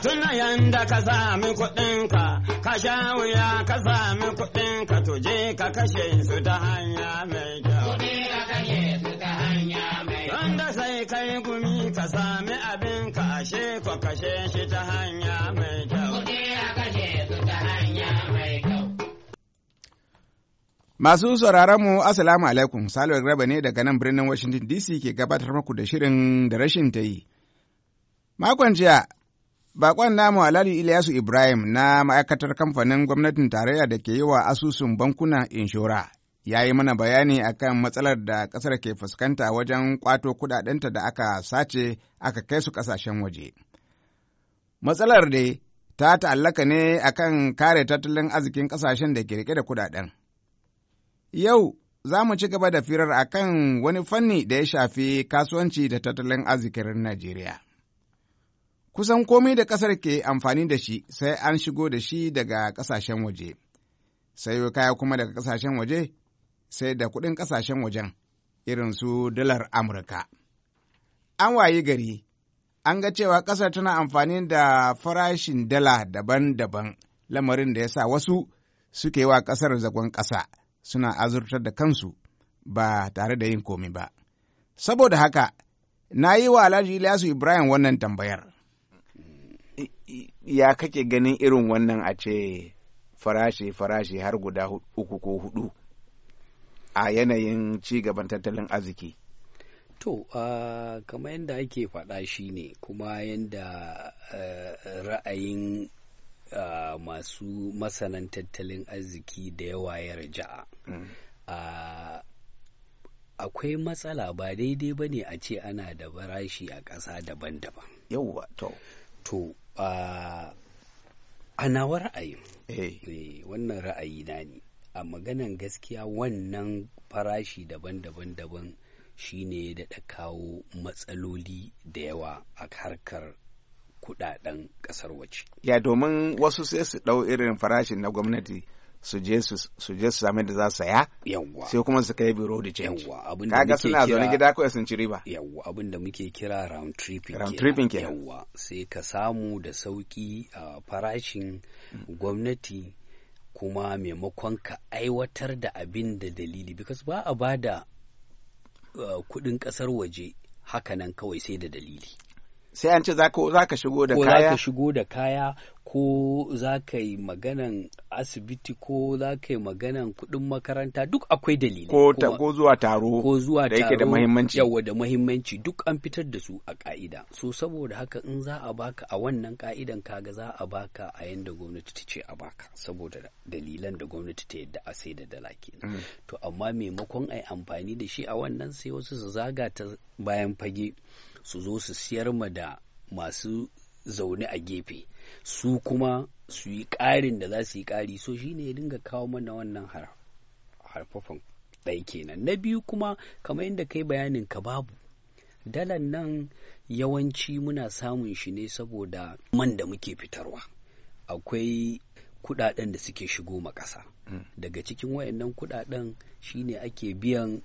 ka tuna yanda ka sami kuɗinka, ka sha wuya ka sami kuɗinka tuje ka kashe su ta hanya mai kyau. Wanda sai kai gumi ka sami abin ka ashe ko kashe shi ta hanya mai kyau. Masu sauraron mu Assalamu alaikum, Salwa Graba ne daga nan birnin Washington DC ke gabatar muku da shirin da rashin ta yi. Makon jiya Bakon namu Alhaji Ilyasu Ibrahim na ma'aikatar kamfanin gwamnatin tarayya da ke yi wa asusun bankuna inshora ya yi mana bayani a kan matsalar da ƙasar ke fuskanta wajen kwato kudadenta da aka sace aka kai su ƙasashen waje. Matsalar da ta ta'allaka ne akan kare tattalin arzikin ƙasashen da ke rike da kudaden. Yau za mu ci gaba da firar a kan wani fanni da ya shafi kasuwanci da tattalin arzikin Najeriya. kusan komai da ƙasar ke amfani da shi sai an shigo da shi daga ƙasashen waje, sai kaya kuma daga ƙasashen waje sai da kuɗin ƙasashen wajen irin su dalar Amurka. An wayi gari, an ga cewa ƙasar tana amfani da farashin dala daban-daban lamarin da ya sa wasu suke wa ƙasar zagon ƙasa suna azurtar da kansu ba tare da yin komi ba. Saboda haka, na yi wa Alhaji Ilyasu Ibrahim wannan tambayar. ya kake ganin irin wannan a ce farashi farashi har guda uku ko hudu a yanayin ci gaban tattalin arziki to kama yadda ake faɗa shi ne kuma yadda ra'ayin masu masanan tattalin arziki da yawa ya raja'a mm. akwai matsala ba daidai ba ne a ce ana da barashi a ƙasa daban-daban yauwa to to a nawa ra'ayi eh. eh, wannan ra'ayi na ne a maganan gaskiya wannan farashi daban-daban daban shine da kawo matsaloli da yawa a harkar kudaden kasar waje ya domin wasu sai su ɗau irin farashin na gwamnati su je su je su sami da za su Yawwa. sai kuma su kai biro da change da kaga suna zaune gida ko sun ci riba yawwa abin da muke kira round tripping round tripping ke yawwa sai ka samu da sauki a farashin gwamnati kuma maimakon ka aiwatar da abin da dalili because ba a bada uh, kudin kasar waje haka nan kawai sai da dalili sai an ce za ka shigo da kaya ko za ka shigo da kaya ko za ka yi maganan asibiti ko za ka yi maganan kuɗin makaranta duk akwai dalilai ko, ko zuwa taro ko zuwa taro yake da muhimmanci yawa da muhimmanci duk an fitar da su a ka'ida so saboda haka in za a baka a wannan ka'idan kaga za a baka a yanda gwamnati ta ce a baka saboda dalilan da gwamnati ta yadda a sai da dala kenan mm. to amma maimakon ai amfani da shi a wannan sai wasu su zaga ta bayan fage su zo su siyar ma da masu zaune a gefe su kuma su yi ƙarin da za su yi ƙari so shine ya dinga kawo mana wannan harfafan ɗaya kenan na biyu kuma kamar yadda kai bayanin ka babu dalan nan yawanci muna samun shi ne saboda man da muke fitarwa akwai kudaden da suke shigo ma mm. daga cikin wayannan kudaden shine ake biyan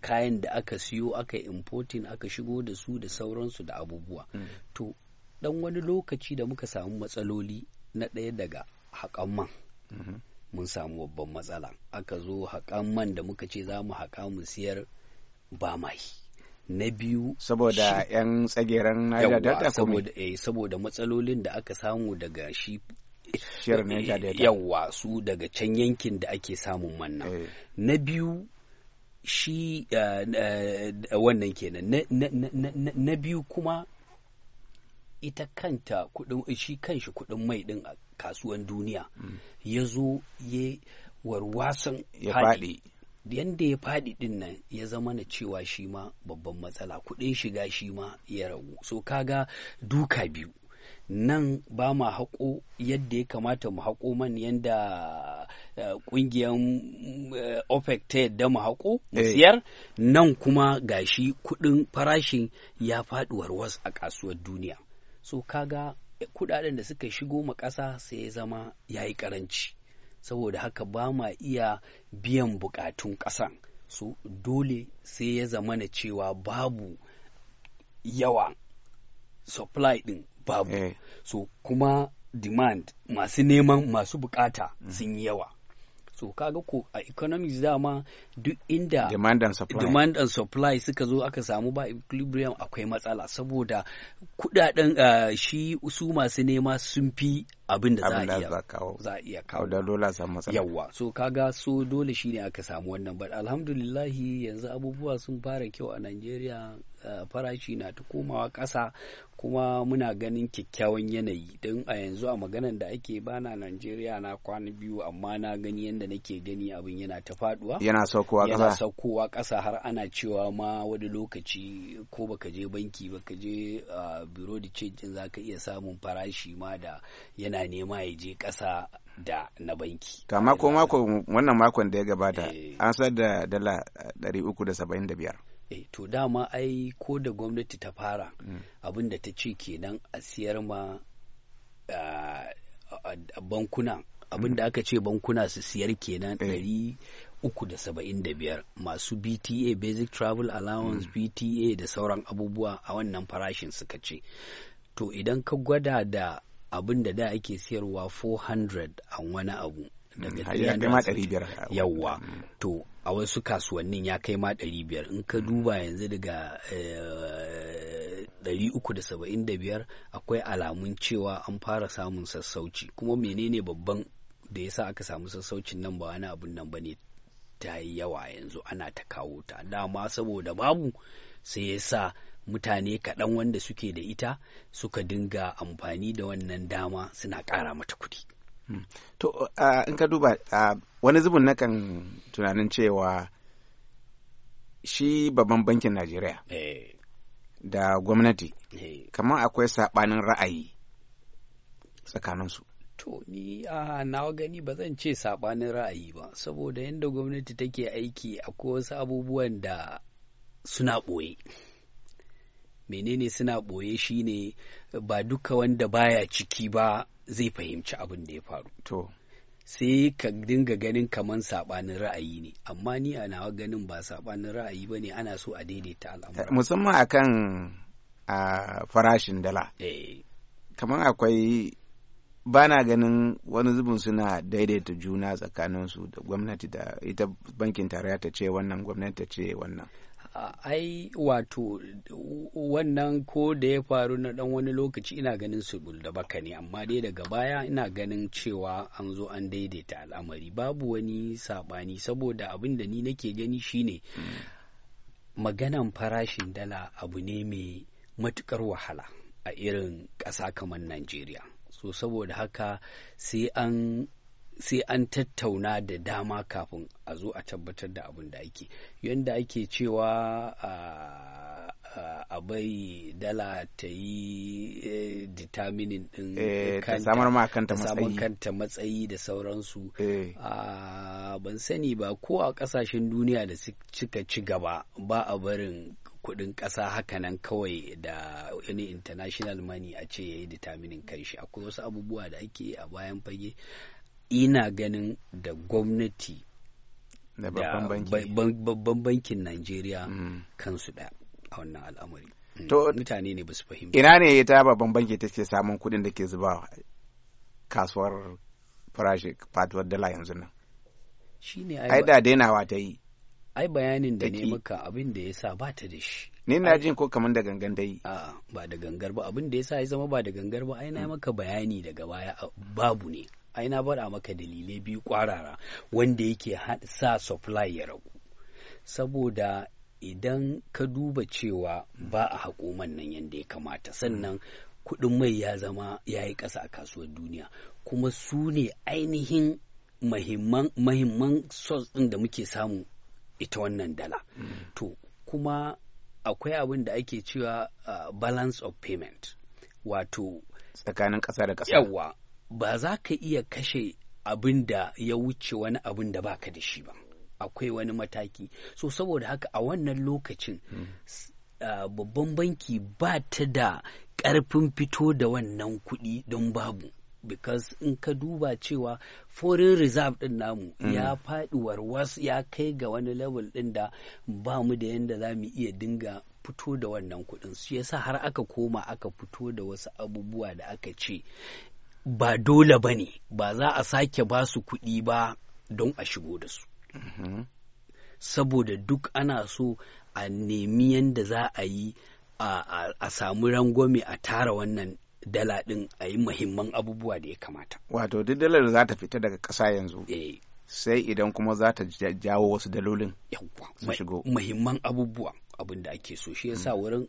kayan da aka siyo aka importin aka shigo da su da sauransu da abubuwa mm. to Dan wani lokaci da muka samu matsaloli na ɗaya daga haƙan man mhm. mun samu babban matsala aka zo haƙan man da muka ce za mu haƙa mu siyar ba mai na biyu saboda yan tsageren Niger saboda eh saboda matsalolin da aka samu daga shi shiyar eh, yawa su daga can yankin da ake samun manna eh. na biyu shi eh, wannan kenan na biyu kuma ita kanta kudin shi kanshi kudin mai din a kasuwan duniya mm. ya zo ya warwasan ya faɗi yadda ya faɗi din nan ya zama na cewa shi ma babban matsala kudin shiga shi ma ya ragu so kaga duka biyu nan ba ma haƙo yadda ya kamata mu haƙo man yadda eh, ƙungiyar eh, opec ta yadda mu haƙo eh. siyar nan kuma gashi kudin farashin ya faɗi warwas a kasuwar duniya so kaga kudaden da suka shigo ma ƙasa sai ya zama ya yi karanci saboda haka ba ma iya biyan bukatun ƙasan so dole sai ya zama na cewa babu yawa supply din babu eh. so kuma demand masu neman masu bukata mm. sun yi yawa so kaga ko a economics dama duk inda demand and supply demand and supply suka zo aka samu ba equilibrium akwai matsala saboda kudaden ah, shi su masu nema sun fi abin da za a iya kawo da dole samu matsala yawa so kaga so dole shine aka samu wannan but alhamdulillahi yanzu abubuwa sun fara kyau a nigeria. Eh, farashi na ta komawa ƙasa kuma muna ganin kyakkyawan yanayi don a yanzu a maganan da ake bana Najeriya na kwana biyu amma na gani yadda nake gani abin yana ta faduwa yana saukowa ƙasa har ana cewa ma wani lokaci ko baka je banki baka je eh, biro da za zaka iya samun farashi ma da yana nema ya je ƙasa da na banki kama ko mako wannan makon da ya gabata eh. an da dala 375 Eh, to dama ai ko da gwamnati ta fara mm. abin da ta ce kenan a siyar ma bankuna abin mm. da aka ce bankuna su siyar kenan eh. ɗari uku da saba'in da biyar masu bta basic travel allowance mm. bta da sauran abubuwa a wannan farashin suka ce to idan ka gwada da abin da da ake siyarwa 400 a wani abu Mm, ya biyar yawwa mm. to a wasu kasuwannin ya kai ma ɗari biyar in ka duba yanzu daga eh, da saba'in biyar akwai alamun cewa an fara samun sassauci kuma menene babban da yasa aka samu sassaucin nan ba wani abun nan bane ta yi yawa yanzu ana ta kawo ta dama saboda babu sai yasa mutane kaɗan wanda suke da ita suka dinga amfani da wannan dama suna ƙara mata kuɗi. Hmm. To, in ka duba wani zubin na kan tunanin cewa shi babban bankin Najeriya eh. da gwamnati eh. kamar akwai saɓanin ra'ayi tsakaninsu. To, ni a nawa gani ba zan ce saɓanin ra'ayi ba, saboda yadda gwamnati take aiki akwai wasu abubuwan da suna ɓoye. menene suna ɓoye shine ba duka wanda baya ciki ba zai fahimci abin da ya faru to sai ka dinga ganin kaman saɓanin ra'ayi ne amma ni a nawa ganin ba saɓanin ra'ayi ba ne ana so a daidaita al'amura musamman akan a farashin dala eh. kamar akwai ba na ganin wani zubin suna daidaita juna tsakaninsu da gwamnati da ita bankin tarayya ta ce wannan gwamnati ta ce wannan ai wato wannan ko da ya faru na dan wani lokaci ina ganin su da baka ne amma dai daga baya ina ganin cewa an zo an daidaita al'amari babu wani sabani saboda abin da ni nake gani shine maganan farashin dala abu ne mai matukar wahala a irin ƙasa kamar Najeriya so saboda haka sai an sai an tattauna da dama kafin a zo a tabbatar da abin da ake yadda ake cewa a bai dala ta yi eh, determining din eh, kanta matsayi da sauransu eh. ban sani ba ko a kasashen duniya da suka ci gaba ba a barin kudin ƙasa hakanan kawai da wani international money a ce ya yi determining kanshi akwai wasu abubuwa da ake a bayan fage ina ganin da gwamnati da babban bankin Najeriya mm. kansu da a wannan al'amari. Mm. To mutane ne ba su fahimta. Ina ne ya ta babban banki take samun kuɗin da ke zuba kasuwar farashi faduwar dala yanzu nan. Shi ne ai da dainawa ta yi. Ai bayanin da ne maka abin da ya sa ba ta da shi. Ni na jin ko kamar da gangan da yi. A'a ba da gangar ba abin da ya sa ya zama ba da gangar ba ai na mm. maka bayani daga baya babu ne. ai na bada maka dalilai biyu kwarara wanda yake sa supply ya ragu saboda idan ka duba cewa ba a haƙo man nan yadda ya kamata sannan kuɗin mai ya zama ya yi ƙasa a kasuwar duniya kuma su ne ainihin mahimman source ɗin da muke samu ita wannan dala to kuma akwai abin da ake cewa ah, balance of payment wato tsakanin ƙasa da ƙasa yawa ba za ka iya kashe abin da ya wuce wani abin da baka da shi ba akwai wani mataki so saboda haka a wannan lokacin hmm. ah, babban banki ba ta da ƙarfin fito da wannan kuɗi don babu because in ka duba cewa foreign reserve din namu hmm. ya faɗi warwas ya kai ga wani level din da ba mu da yadda za mu iya dinga fito da wannan kuɗin su yasa har aka koma aka fito da wasu abubuwa da aka ce ba dole ba ne ba za a sake ba su kuɗi ba don a shigo da su mm-hmm. saboda duk ana so a nemi yadda za a yi a samu rangwame a tara wannan dala ɗin a yi muhimman abubuwa da ya kamata wato duk dalar za ta fita daga ƙasa yanzu eh. sai idan kuma za ta jawo wasu dalolin su shigo muhimman abubuwa abin da ake so shi yasa mm. wurin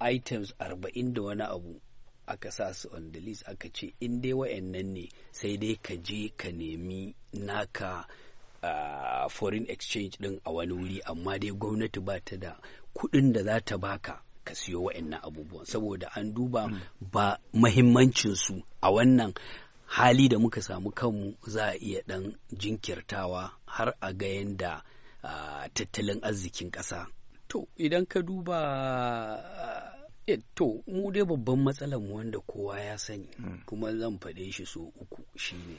items arba'in da wani abu aka sa su on the list aka ce in dai wa'annan ne sai dai ka je ka nemi naka uh, foreign exchange din a wani wuri amma dai gwamnati ba ta da kuɗin da za ta baka ka siyo wa'annan abubuwan saboda an duba mm. ba mahimmancinsu a wannan hali da muka samu kanmu za a iya ɗan jinkirtawa har a ga yadda uh, tattalin arzikin ƙasa to idan ka duba Eh, to mu dai babban matsalan wanda kowa ya sani hmm. kuma zan faɗe shi so uku shine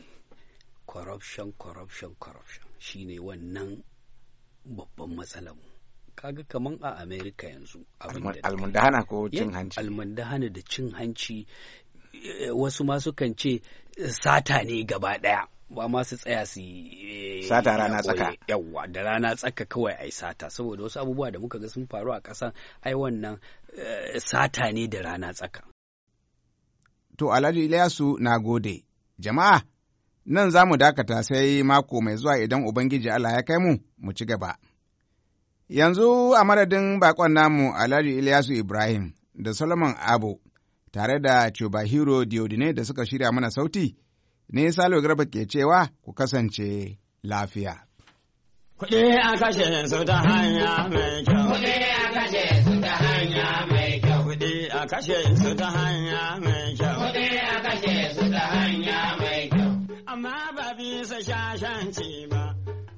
corruption corruption corruption shine wannan babban mu kaga kaman a america yanzu almundahana ko eh, cin hanci almundahana da cin hanci eh, wasu ma kan ce sata ne gaba daya ba ma su tsaya su eh, sata rana tsaka yawa da rana tsaka kawai ai sata saboda wasu abubuwa da muka ga sun faru a ƙasa ai wannan eh, sata ne da rana tsaka to alhaji ilyasu na gode jama'a nan za mu dakata sai mako mai zuwa idan ubangiji allah ya kai mu mu ci gaba yanzu a madadin bakon namu alhaji ilyasu ibrahim da solomon abu tare da Chubahiro Diodine da suka shirya mana sauti ne Salo Garba ke cewa ku kasance lafiya. Kuɗi a kashe su ta hanya mai kyau. Kuɗi a kashe su ta hanya mai kyau. Kuɗi a kashe su ta hanya mai kyau. Kuɗi a kashe su ta hanya mai kyau. Amma ba bisa shashanci ba,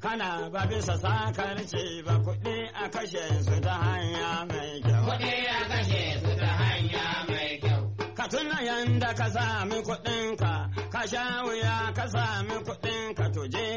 kana ba bisa sakarci ba. Kuɗi a kashe su ta hanya mai kyau. Kuɗi a kashe su ta hanya mai kyau. Ka tuna yanda ka sami kuɗinka. ka sha wuya ka sami kuɗin ka tuje.